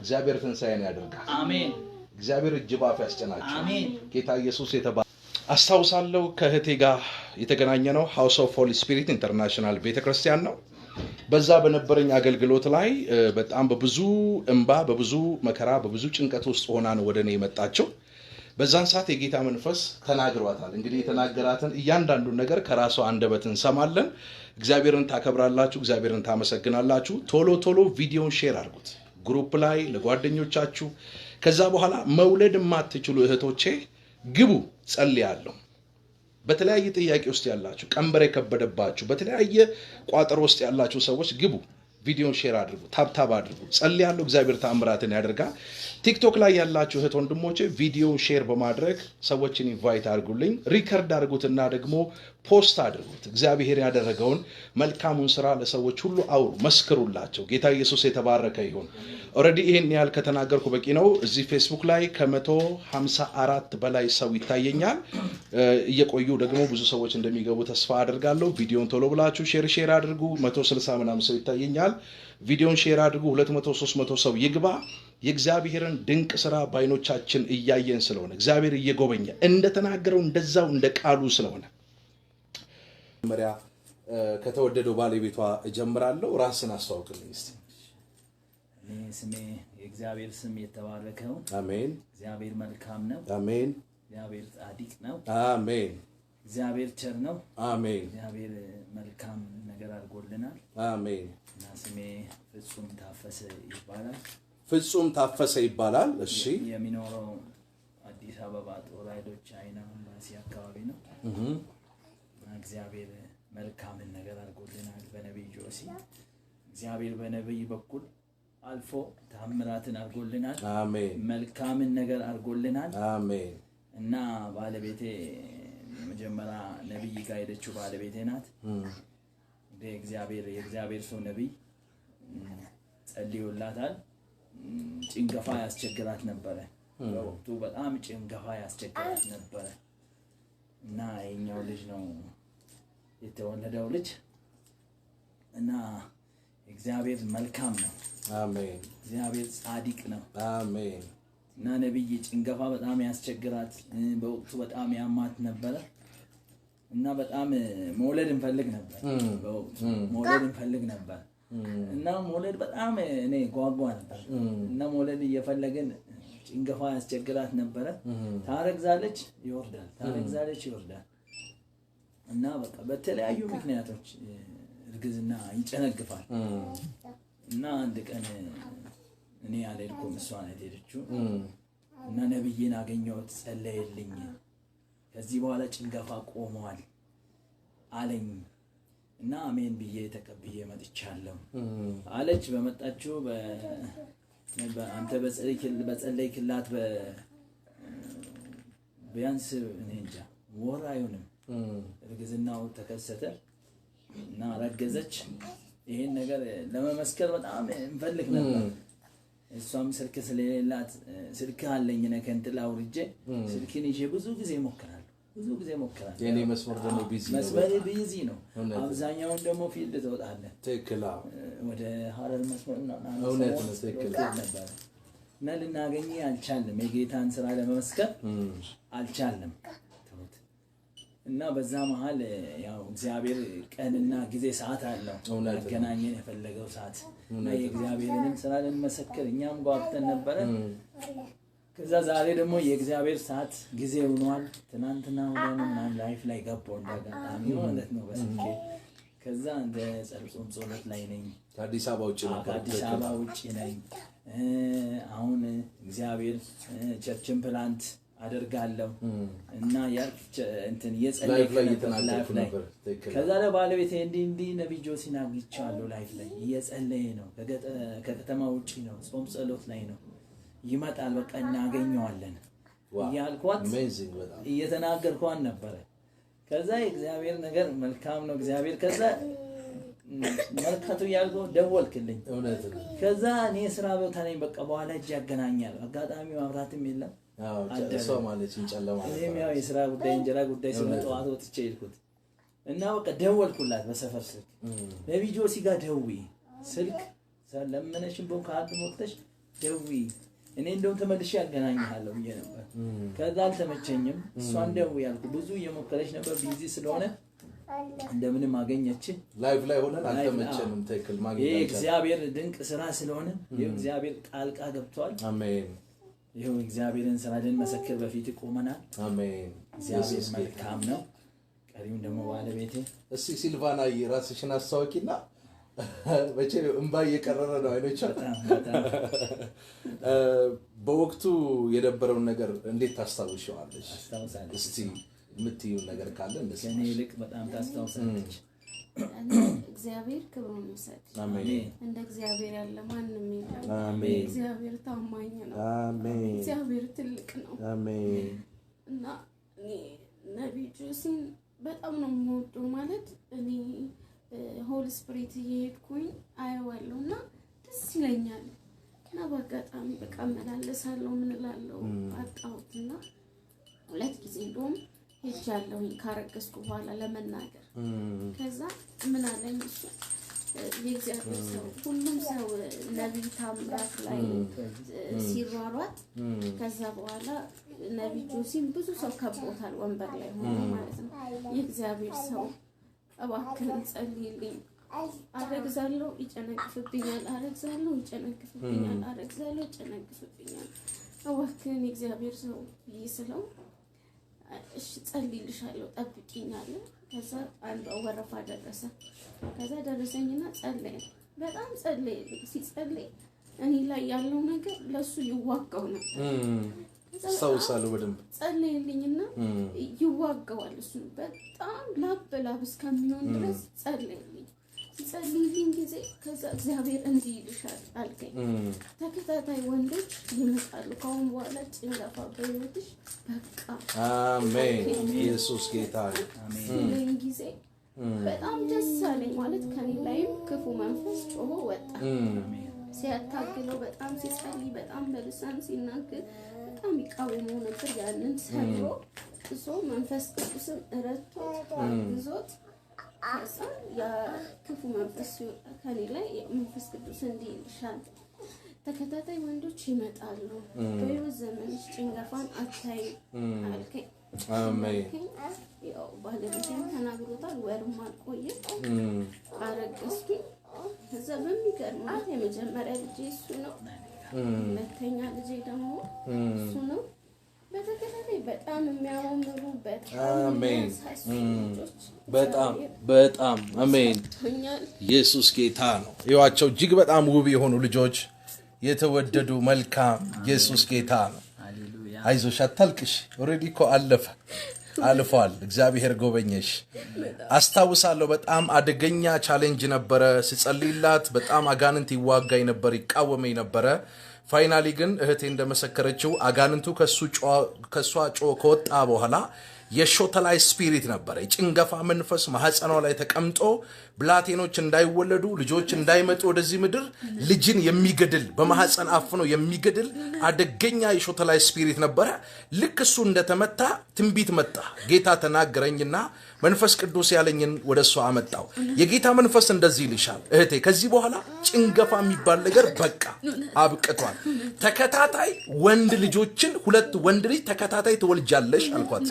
እግዚአብሔር ትንሣኤን ያደርጋል። አሜን። እግዚአብሔር እጅ ባፍ ያስጨናቸው። ጌታ ኢየሱስ የተባ አስታውሳለሁ። ከእህቴ ጋር የተገናኘ ነው። ሃውስ ኦፍ ሆሊ ስፒሪት ኢንተርናሽናል ቤተክርስቲያን ነው። በዛ በነበረኝ አገልግሎት ላይ በጣም በብዙ እንባ፣ በብዙ መከራ፣ በብዙ ጭንቀት ውስጥ ሆና ነው ወደ እኔ የመጣችው። በዛን ሰዓት የጌታ መንፈስ ተናግሯታል። እንግዲህ የተናገራትን እያንዳንዱን ነገር ከራሷ አንደበት እንሰማለን። እግዚአብሔርን ታከብራላችሁ፣ እግዚአብሔርን ታመሰግናላችሁ። ቶሎ ቶሎ ቪዲዮን ሼር አድርጉት። ግሩፕ ላይ ለጓደኞቻችሁ። ከዛ በኋላ መውለድ የማትችሉ እህቶቼ ግቡ፣ ጸልያለሁ። በተለያየ ጥያቄ ውስጥ ያላችሁ፣ ቀንበር የከበደባችሁ፣ በተለያየ ቋጠሮ ውስጥ ያላችሁ ሰዎች ግቡ። ቪዲዮን ሼር አድርጉ፣ ታብታብ አድርጉ። ጸልያለሁ፣ እግዚአብሔር ታምራትን ያደርጋል። ቲክቶክ ላይ ያላችሁ እህት ወንድሞቼ ቪዲዮ ሼር በማድረግ ሰዎችን ኢንቫይት አድርጉልኝ፣ ሪከርድ አድርጉትና ደግሞ ፖስት አድርጉት። እግዚአብሔር ያደረገውን መልካሙን ስራ ለሰዎች ሁሉ አውሩ፣ መስክሩላቸው። ጌታ ኢየሱስ የተባረከ ይሁን። ኦረዲ ይህን ያህል ከተናገርኩ በቂ ነው። እዚህ ፌስቡክ ላይ ከመቶ ሃምሳ አራት በላይ ሰው ይታየኛል። እየቆዩ ደግሞ ብዙ ሰዎች እንደሚገቡ ተስፋ አድርጋለሁ። ቪዲዮን ቶሎ ብላችሁ ሼር ሼር አድርጉ። መቶ ስልሳ ሰው ይታየኛል። ቪዲዮን ሼር አድርጉ። ሁለት መቶ ሶስት መቶ ሰው ይግባ። የእግዚአብሔርን ድንቅ ስራ በአይኖቻችን እያየን ስለሆነ እግዚአብሔር እየጎበኘ እንደተናገረው እንደዛው እንደ ቃሉ ስለሆነ መጀመሪያ ከተወደደው ባለቤቷ እጀምራለሁ። ራስን አስተዋውቅልኝ እስቲ። ስሜ የእግዚአብሔር ስም የተባረከ ነው። አሜን። እግዚአብሔር መልካም ነው። አሜን። እግዚአብሔር ጻድቅ ነው። አሜን። እግዚአብሔር ቸር ነው። አሜን። እግዚአብሔር መልካም ነገር አድርጎልናል። አሜን። እና ስሜ ፍጹም ታፈሰ ይባላል። ፍጹም ታፈሰ ይባላል። እሺ። የሚኖረው አዲስ አበባ ጦር ኃይሎች ቻይና አካባቢ ነው። እግዚአብሔር መልካምን ነገር አድርጎልናል። በነቢይ ጆሲ እግዚአብሔር በነቢይ በኩል አልፎ ታምራትን አድርጎልናል። መልካምን ነገር አድርጎልናል እና ባለቤቴ መጀመሪያ ነቢይ ጋር ሄደችው ባለቤቴ ናት። የእግዚአብሔር ሰው ነቢይ ጸልዮላታል። ጭንገፋ ያስቸግራት ነበረ። በወቅቱ በጣም ጭንገፋ ያስቸግራት ነበረ እና የኛው ልጅ ነው የተወለደው ልጅ እና እግዚአብሔር መልካም ነው። አሜን። እግዚአብሔር ጻድቅ ነው። አሜን። እና ነቢይ ጭንገፋ በጣም ያስቸግራት በወቅቱ በጣም ያማት ነበረ እና በጣም መውለድ እንፈልግ ነበር። በወቅቱ መውለድ እንፈልግ ነበር እና መውለድ በጣም እኔ ጓጓ ነበር እና መውለድ እየፈለግን ጭንገፋ ያስቸግራት ነበረ። ታረግዛለች፣ ይወርዳል፣ ታረግዛለች፣ ይወርዳል እና በቃ በተለያዩ ምክንያቶች እርግዝና ይጨነግፋል። እና አንድ ቀን እኔ አልሄድኩም፣ እሷን አልሄደችው እና ነብይን አገኘሁት፣ ጸለየልኝ። ከዚህ በኋላ ጭንገፋ ቆመዋል አለኝ እና አሜን ብዬ ተቀብዬ መጥቻለሁ አለች። በመጣችው አንተ በጸለይ ክላት ቢያንስ እኔ እንጃ ወር አይሆንም እርግዝናው ተከሰተ እና ረገዘች። ይሄን ነገር ለመመስከር በጣም እንፈልግ ነበር። እሷም ስልክ ስለሌላት ስልክ አለኝ ነህ ከእንትን አውርጄ ስልክን ይዤ ብዙ ጊዜ ሞክራለሁ። ብዙ ጊዜ ሞክራለሁ። የእኔ መስመር ደግሞ ቢዚ መስመር ቢዚ ነው። አብዛኛውን ደግሞ ፊልድ ትወጣለህ። ትክክል። ወደ ሀረር መስመር ነው። ነበረ እና ልናገኝ አልቻልንም። የጌታን ስራ ለመመስከር አልቻልንም። እና በዛ መሀል ያው እግዚአብሔር ቀንና ጊዜ ሰዓት አለው መገናኘን የፈለገው ሰዓት እና የእግዚአብሔርንም ስራ ልንመሰክር እኛም ጓብተን ነበረ። ከዛ ዛሬ ደግሞ የእግዚአብሔር ሰዓት ጊዜ ሆኗል። ትናንትና ሁለን ምናምን ላይፍ ላይ ገባው እንዳጋጣሚ ማለት ነው በስኬ ከዛ እንደ ጸልጾም ጸሎት ላይ ነኝ። ከአዲስ አበባ ውጭ ከአዲስ አበባ ውጭ ነኝ። አሁን እግዚአብሔር ቸርችን ፕላንት አደርጋለሁ እና እንትን የጸለይክ ላይፍ ከዛ ላይ ባለቤት እንዲህ እንዲህ ነቢይ ጆሲን አግኝቻለሁ ላይፍ ላይ እየጸለየ ነው። ከከተማ ውጭ ነው፣ ጾም ጸሎት ላይ ነው። ይመጣል በቃ እናገኘዋለን እያልኳት እየተናገርኳን ነበረ። ከዛ የእግዚአብሔር ነገር መልካም ነው። እግዚአብሔር ከዛ መልካቱ ያልከው ደወልክልኝ። ከዛ እኔ ስራ ቦታ ነኝ፣ በቃ በኋላ እጅ ያገናኛል። አጋጣሚ ማብራትም የለም እሷ ማለችኝ ጨለማ ያው የስራ ጉዳይ እንጀራ ጉዳይ ሲሆን ጠዋት ወጥቼ ሄድኩት እና በቃ ደወልኩላት በሰፈር ስልክ በቪዲዮ ሲጋ ደዊ ስልክ ለመነሽን በሆን ከአንድ ወቅተሽ ደዊ እኔ እንደውም ተመልሼ ያገናኝሃለሁ ብዬ ነበር። ከዛ አልተመቸኝም። እሷን ደውይ ያልኩ ብዙ እየሞከረች ነበር፣ ቢዚ ስለሆነ እንደምንም አገኘች። ላይቭ ላይ ሆነን አልተመቸንም። ትክክል። እግዚአብሔር ድንቅ ስራ ስለሆነ የእግዚአብሔር ጣልቃ ገብቷል። አሜን። ይኸው እግዚአብሔርን ስራ ልንመሰክር በፊት ቆመናል። እግዚአብሔር መልካም ነው። ቀሪም ደግሞ ባለቤቴ እሱ ሲልቫና ራስሽን አስታወቂና መቼ እንባ እየቀረረ ነው አይኖች። በወቅቱ የነበረውን ነገር እንዴት ታስታውሸዋለች? እስቲ የምትይው ነገር ካለ እኔ ይልቅ በጣም ታስታውሳለች። እግዚአብሔር ክብሩን ይውሰድ። እንደ እግዚአብሔር ያለ ማንም የለም። እግዚአብሔር ታማኝ ነው። እግዚአብሔር ትልቅ ነው እና ነቢይ ጆሲን በጣም ነው የምወደው። ማለት እኔ ሆል ስፕሪት እየሄድኩኝ አየዋለሁ እና ደስ ይለኛል እና በአጋጣሚ በቃ መላለሳለሁ ምንላለው አጣሁትና ሁለት ጊዜ እንደውም ሄጃለሁ ካረገዝኩ በኋላ ለመናገር። ከዛ ምን አለኝ እሱ የእግዚአብሔር ሰው ሁሉም ሰው ነቢይ ታምራት ላይ ሲሯሯጥ፣ ከዛ በኋላ ነቢይ ጆሲም ብዙ ሰው ከቦታል፣ ወንበር ላይ ሆኖ ማለት ነው። የእግዚአብሔር ሰው እባክህን ጸልይልኝ፣ አረግዛለሁ፣ ይጨነግፍብኛል፣ አረግዛለሁ፣ ይጨነግፍብኛል፣ አረግዛለሁ፣ ይጨነግፍብኛል፣ እባክህን የእግዚአብሔር ሰው ይስለው እሺ ጸልይልሻለሁ ጠብቂኝ አለ። ከዛ አንዷ ወረፋ ደረሰ። ከዛ ደረሰኝና ጸለየ። በጣም ጸለየ። ሲጸለይ እኔ ላይ ያለው ነገር ለሱ ይዋጋው ነበር። አስታውሳለሁ በደንብ ጸለየልኝና ይዋጋዋል። እሱ በጣም ላብ በላብ እስከሚሆን ድረስ ጸለየልኝ። ጸልይልኝ ጊዜ ከዛ እግዚአብሔር እንዲህ ይልሻል አልከኝ። ተከታታይ ወንዶች ይመጣሉ። ካሁን በኋላ ጭንገፋ በሕይወትሽ በቃ አሜን፣ ኢየሱስ ጌታ አሜን ጊዜ በጣም ደስ አለኝ። ማለት ከኔ ላይም ክፉ መንፈስ ጮሆ ወጣ። ሲያታግለው በጣም ሲጸልይ በጣም በልሳን ሲናገር በጣም ይቃወመው ነበር። ያንን ሰብሮ እሶ መንፈስ ቅዱስን ረቶ አግዞት ከዛ የክፉ መንፈስ ከኔ ላይ መንፈስ ቅዱስ እንዲህ ተከታታይ ወንዶች ይመጣሉ፣ በሕይወት ዘመንሽ ጭንገፋን አታይም አልከኝ። ያው ባለቤቴም ተናግሮታል። ወርም አልቆየም አረገዝኩኝ። ከዛ በሚገርም የመጀመሪያ ልጄ እሱ ነው፣ ሁለተኛ ልጄ ደግሞ እሱ ነው። በተከታታይ በጣም በጣም አሜን። ኢየሱስ ጌታ ነው። ይዋቸው እጅግ በጣም ውብ የሆኑ ልጆች የተወደዱ መልካም ኢየሱስ ጌታ ነው። አይዞሽ፣ አታልቅሽ። ኦልሬዲ እኮ አለፈ አልፏል። እግዚአብሔር ጎበኘሽ። አስታውሳለሁ በጣም አደገኛ ቻሌንጅ ነበረ ስጸልይላት። በጣም አጋንንት ይዋጋኝ ነበር፣ ይቃወመኝ ነበረ ፋይናሊ ግን እህቴ እንደመሰከረችው አጋንንቱ ከሱ ከእሷ ጮ ከወጣ በኋላ የሾተላይ ስፒሪት ነበረ። የጭንገፋ መንፈስ ማህፀኗ ላይ ተቀምጦ ብላቴኖች እንዳይወለዱ ልጆች እንዳይመጡ ወደዚህ ምድር ልጅን የሚገድል በማህፀን አፍኖ የሚገድል አደገኛ የሾተላይ ስፒሪት ነበረ። ልክ እሱ እንደተመታ ትንቢት መጣ። ጌታ ተናገረኝና መንፈስ ቅዱስ ያለኝን ወደ እሷ አመጣው። የጌታ መንፈስ እንደዚህ ይልሻል እህቴ፣ ከዚህ በኋላ ጭንገፋ የሚባል ነገር በቃ አብቅቷል። ተከታታይ ወንድ ልጆችን ሁለት ወንድ ልጅ ተከታታይ ትወልጃለሽ አልኳት።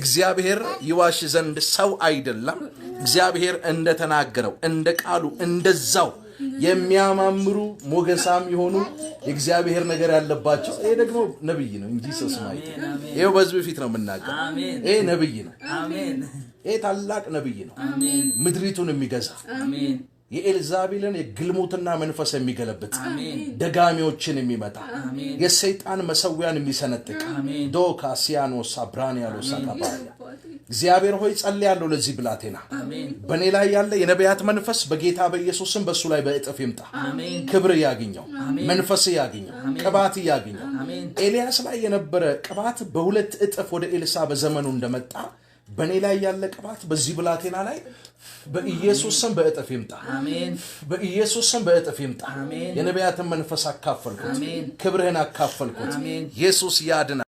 እግዚአብሔር ይዋሽ ዘንድ ሰው አይደለም። እግዚአብሔር እንደተናገረው እንደ ቃሉ እንደዛው የሚያማምሩ ሞገሳም የሆኑ የእግዚአብሔር ነገር ያለባቸው። ይሄ ደግሞ ነብይ ነው እንጂ ሰው ይሄው በህዝብ ፊት ነው የምናገር። ይሄ ነብይ ነው። ይሄ ታላቅ ነብይ ነው፣ ምድሪቱን የሚገዛ የኤልዛቤልን የግልሙትና መንፈስ የሚገለብጥ ደጋሚዎችን የሚመጣ የሰይጣን መሰዊያን የሚሰነጥቅ ዶካ ሲያኖ ሳብራን ያሎ እግዚአብሔር ሆይ ያለው ለዚህ ብላቴና በእኔ ላይ ያለ የነቢያት መንፈስ በጌታ በኢየሱስም በእሱ ላይ በእጥፍ ይምጣ። ክብር ያግኘው፣ መንፈስ ያግኘው፣ ቅባት ያግኘው። ኤልያስ ላይ የነበረ ቅባት በሁለት እጥፍ ወደ ኤልሳ በዘመኑ እንደመጣ በእኔ ላይ ያለ ቅባት በዚህ ብላቴና ላይ በኢየሱስ ስም በእጥፍ ይምጣ። በኢየሱስ ስም በእጥፍ ይምጣ። የነቢያትን መንፈስ አካፈልኩት፣ ክብርህን አካፈልኩት። ኢየሱስ ያድና